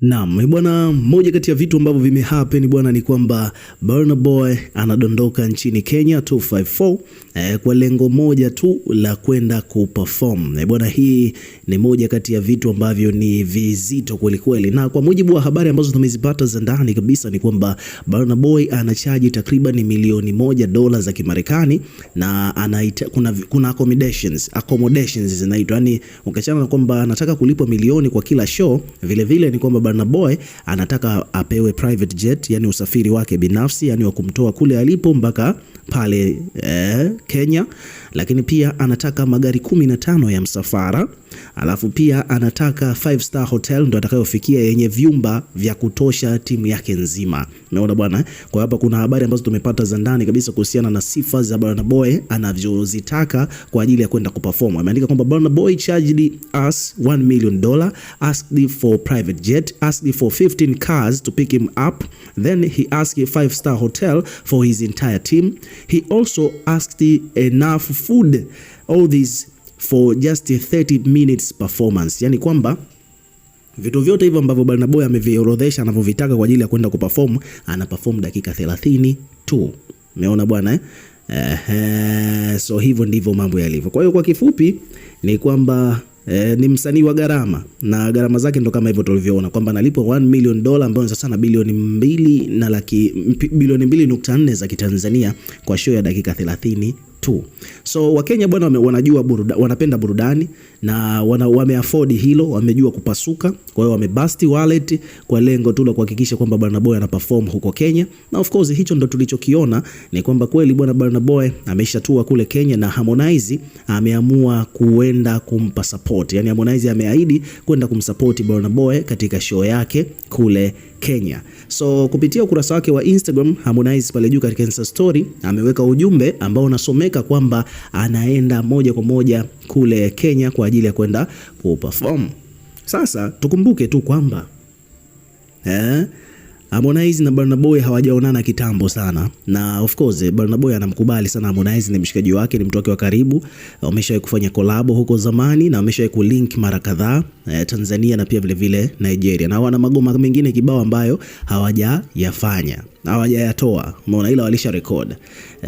Naam, eh, bwana, moja kati ya vitu ambavyo vimehappen bwana ni kwamba Burna Boy anadondoka nchini Kenya 254 eh, kwa lengo moja tu la kwenda kuperform. Eh, bwana, hii ni moja kati ya vitu ambavyo ni vizito kwelikweli, na kwa mujibu wa habari ambazo tumezipata za ndani kabisa ni kwamba Burna Boy anachaji takriban milioni moja dola za Kimarekani na anaita, kuna, kuna accommodations, accommodations zinaitwa Yaani ukiachana na kwamba anataka kulipwa milioni kwa kila show, vilevile ni kwamba Boy anataka apewe private jet, yani usafiri wake binafsi, yani wa kumtoa kule alipo mpaka pale eh, Kenya lakini pia anataka magari kumi na tano ya msafara, alafu pia anataka five star hotel ndo atakayofikia yenye vyumba vya kutosha timu yake nzima. Umeona bwana, kwa hapa kuna habari ambazo tumepata za ndani kabisa kuhusiana na sifa za Burna Boy anavyozitaka kwa ajili ya kwenda kuperform. Ameandika kwamba Burna Boy charged us 1 million dollar, asked for private jet, asked for 15 cars to pick him up, then he asked a five star hotel for his entire team. He also asked enough food all these for just 30 minutes performance, yani kwamba vitu vyote hivyo ambavyo Boy ameviorodhesha anavyovitaka kwa ajili ya kwenda kuperform ana perform dakika 30 tu. Umeona bwana eh? so hivyo ndivyo mambo yalivyo. Kwa hiyo kwa kifupi ni kwamba eh, ni msanii wa gharama na gharama zake ndo kama hivyo tulivyoona kwamba analipwa 1 million dola ambayo sasa na bilioni mbili na laki bilioni mbili nukta nne za Kitanzania kwa show ya dakika 30 tu. So Wakenya bwana wanajua buruda, wanapenda burudani na wana, wameafford hilo, wamejua kupasuka. Kwa hiyo wamebasti wallet kwa lengo tu la kuhakikisha kwamba Burna Boy anaperform huko Kenya, na of course hicho ndo tulichokiona ni kwamba kweli bwana Burna Boy ameshatua kule Kenya na Harmonize ameamua kuenda kumpa support, yani Harmonize ameahidi kwenda kumsupport Burna Boy katika show yake kule Kenya. So kupitia ukurasa wake wa Instagram Harmonize pale juu katika Insta story ameweka ujumbe ambao unasomeka kwamba anaenda moja kwa moja kule Kenya kwa ajili ya kwenda kuperform. Sasa tukumbuke tu kwamba eh, Harmonize na Burna Boy hawajaonana kitambo sana, na of course eh, Burna Boy anamkubali sana Harmonize, ni mshikaji wake, ni mtu wake wa karibu. Wameshawahi kufanya collab huko zamani na wameshawahi kulink mara kadhaa eh, Tanzania na pia vile vile Nigeria, na wana magoma mengine kibao ambayo hawajayafanya hawajayatoa, umeona, ila walisha record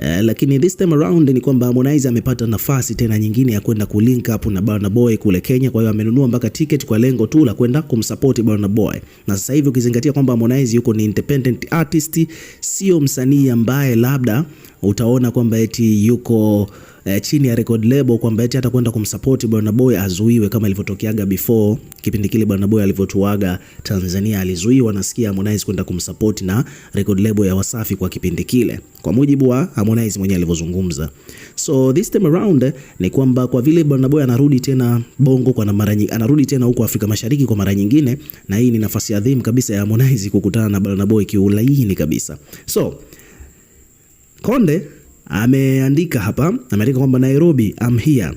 eh, lakini this time around ni kwamba Harmonize amepata nafasi tena nyingine ya kwenda kulink up na Burna Boy kule Kenya. Kwa hiyo amenunua mpaka ticket kwa lengo tu la kwenda kumsupport Burna Boy, na sasa hivi ukizingatia kwamba Harmonize yuko ni independent artist, sio msanii ambaye labda utaona kwamba eti yuko eh, chini ya record label kwamba eti hata kwenda kumsupport Burna Boy azuiwe, kama ilivyotokeaga before kipindi kile Burna Boy alivyotuaga Tanzania, alizuiwa nasikia Harmonize kwenda kumsupport na record label ya Wasafi kwa kipindi kile, kwa mujibu wa Harmonize mwenyewe alivyozungumza. So this time around eh, ni kwamba kwa vile Burna Boy anarudi tena Bongo kwa mara nyingine, anarudi tena huko Afrika Mashariki kwa mara nyingine, na hii ni nafasi adhimu kabisa ya Harmonize kukutana na Burna Boy kiulaini kabisa so Konde ameandika hapa, ameandika kwamba Nairobi, I'm here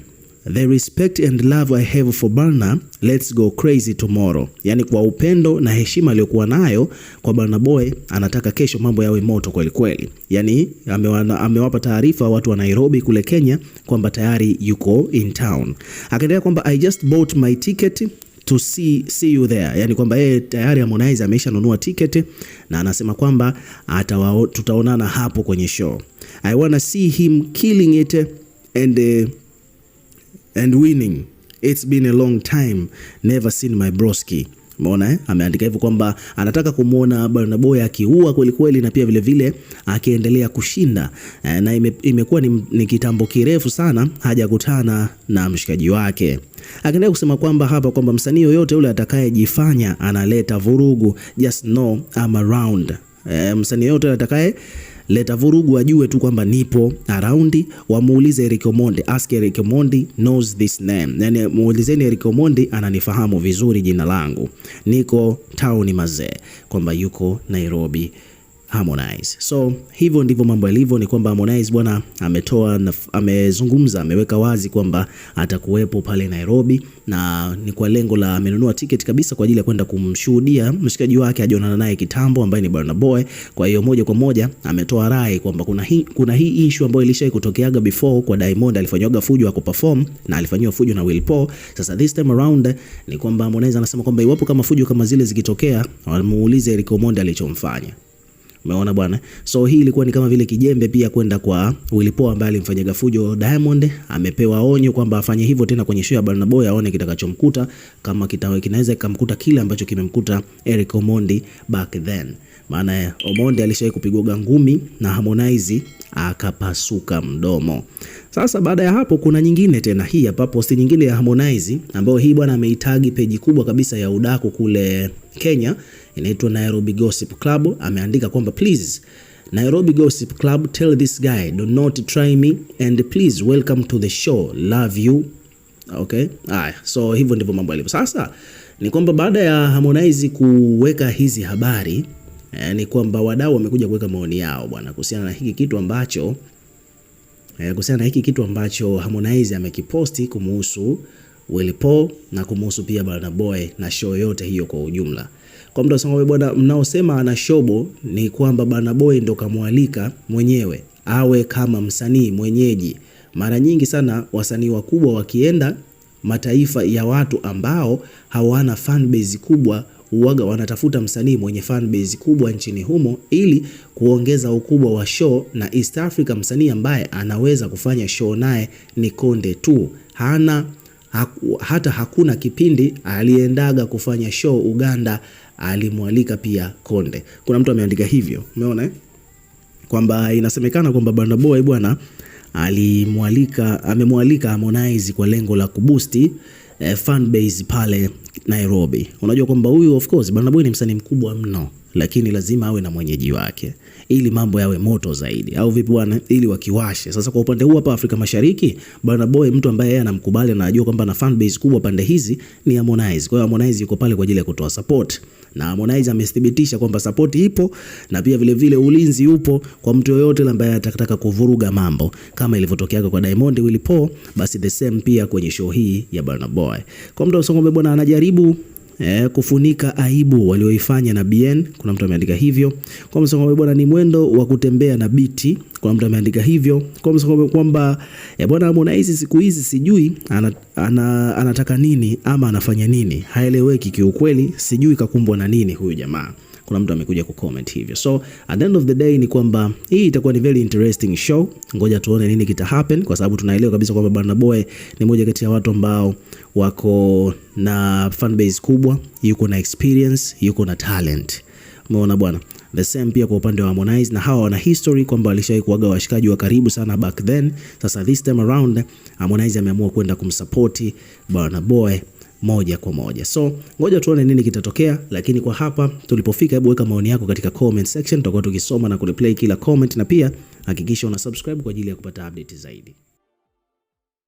the respect and love I have for Burna, let's go crazy tomorrow. Yani, kwa upendo na heshima aliyokuwa nayo kwa Burna Boy, anataka kesho mambo yawe moto kweli kweli. Yani amewapa taarifa watu wa Nairobi kule Kenya kwamba tayari yuko in town. Akaendelea kwamba I just bought my ticket to see, see you there, yani kwamba yeye tayari Harmonize ameshanunua tiketi na anasema kwamba tutaonana hapo kwenye show. I wanna see him killing it and, uh, and winning. It's been a long time never seen my broski Umeona eh? Ameandika hivyo kwamba anataka kumuona Barnaboy akiua kweli kweli na pia vile vile akiendelea kushinda eh, na ime, imekuwa ni, ni kitambo kirefu sana hajakutana na mshikaji wake. Akaendelea kusema kwamba hapa kwamba msanii yoyote yule atakayejifanya analeta vurugu just know I'm around. Eh, msanii yoyote atakaye leta vurugu, ajue tu kwamba nipo around. Wamuulize Eric Omondi, ask Eric Omondi knows this name, yani muulizeni Eric Omondi ananifahamu vizuri jina langu, niko town mazee, kwamba yuko Nairobi. Harmonize. So hivyo ndivyo mambo yalivyo, ni kwamba Harmonize bwana ametoa amezungumza, ameweka wazi kwamba atakuwepo pale Nairobi na ni kwa lengo la amenunua tiketi kabisa kwa ajili ya kwenda kumshuhudia mshikaji wake ajionana naye kitambo ambaye ni Burna Boy. Kwa hiyo moja kwa moja ametoa rai kwamba kuna hii kuna hii issue ambayo ilishai kutokeaga before kwa Diamond, alifanywaga fujo ya kuperform na alifanyiwa fujo na Will Paul. Sasa this time around ni kwamba Harmonize anasema kwamba iwapo kama fujo kama zile zikitokea, wamuulize Eric Omondi alichomfanya. Umeona bwana, so hii ilikuwa ni kama vile kijembe pia kwenda kwa willipo ambaye alimfanyaga fujo Diamond. Amepewa onyo kwamba afanye hivyo tena kwenye show ya Burna Boy, aone kitakachomkuta, kama kinaweza kikamkuta kile ambacho kimemkuta Eric Omondi back then. Maana eh, Omondi alishawahi kupigwa ngumi na Harmonize akapasuka mdomo. Sasa baada ya hapo kuna nyingine tena, hii hapa posti nyingine ya Harmonize ambayo hii bwana ameitagi peji kubwa kabisa ya udaku kule Kenya, inaitwa Nairobi Gossip Club. Ameandika kwamba please Nairobi Gossip Club tell this guy do not try me and please welcome to the show love you. Okay, haya, so hivyo ndivyo mambo yalivyo. Sasa ni kwamba baada ya Harmonize kuweka hizi habari eh, ni kwamba wadau wamekuja kuweka maoni yao bwana kuhusiana na hiki kitu ambacho Eh, kuhusiana na hiki kitu ambacho Harmonize amekiposti kumuhusu Willy Paul na kumuhusu pia Burna Boy na show yote hiyo kwa ujumla. Kwa mtu asema bwana, mnaosema ana shobo ni kwamba Burna Boy ndo kamwalika mwenyewe awe kama msanii mwenyeji. Mara nyingi sana wasanii wakubwa wakienda mataifa ya watu ambao hawana fan base kubwa huaga wanatafuta msanii mwenye fan base kubwa nchini humo ili kuongeza ukubwa wa show, na East Africa msanii ambaye anaweza kufanya show naye ni Konde tu. Hana haku, hata hakuna kipindi aliendaga kufanya show Uganda alimwalika pia Konde. Kuna mtu ameandika hivyo, umeona eh? Kwamba inasemekana kwamba Burna Boy bwana alimwalika amemwalika Harmonize kwa lengo la kubusti eh, fan base pale Nairobi. Unajua kwamba huyu of course Burna Boy ni msanii mkubwa mno, lakini lazima awe na mwenyeji wake ili mambo yawe moto zaidi, au vipi bwana, ili wakiwashe. Sasa kwa upande huu hapa Afrika Mashariki, Burna Boy mtu ambaye yeye anamkubali na anajua kwamba na fan base kubwa pande hizi ni Harmonize. Kwa hiyo Harmonize yuko pale kwa ajili ya kutoa support na Harmonize amethibitisha kwamba support ipo na pia vile vile ulinzi upo kwa mtu yoyote ambaye atakataka kuvuruga mambo kama ilivyotokea kwa Diamond Willy Paul, basi the same pia kwenye show hii ya Burna Boy. Kwa mtu bwana anajaribu eh, kufunika aibu walioifanya na BN. Kuna mtu ameandika hivyo kwamba bwana ni mwendo wa kutembea na biti. Kuna mtu ameandika hivyo kwamba eh, bwana Harmonize siku hizi sijui ana, ana, anataka nini ama anafanya nini, haeleweki kiukweli, sijui kakumbwa na nini huyu jamaa kuna mtu amekuja kucomment hivyo. So at the end of the day ni kwamba hii itakuwa ni very interesting show, ngoja tuone nini kita happen, kwa sababu tunaelewa kabisa kwamba Burna Boy ni moja kati ya watu ambao wako na fan base kubwa, yuko na experience, yuko na talent. Umeona bwana, the same pia kwa upande wa Harmonize, na hawa wana history kwamba walishawahi kuaga washikaji wa karibu sana back then. Sasa this time around Harmonize ameamua kwenda kumsupport Burna Boy moja kwa moja. So ngoja tuone nini kitatokea, lakini kwa hapa tulipofika, hebu weka maoni yako katika comment section, tutakuwa tukisoma na kureply kila comment, na pia hakikisha una subscribe kwa ajili ya kupata update zaidi.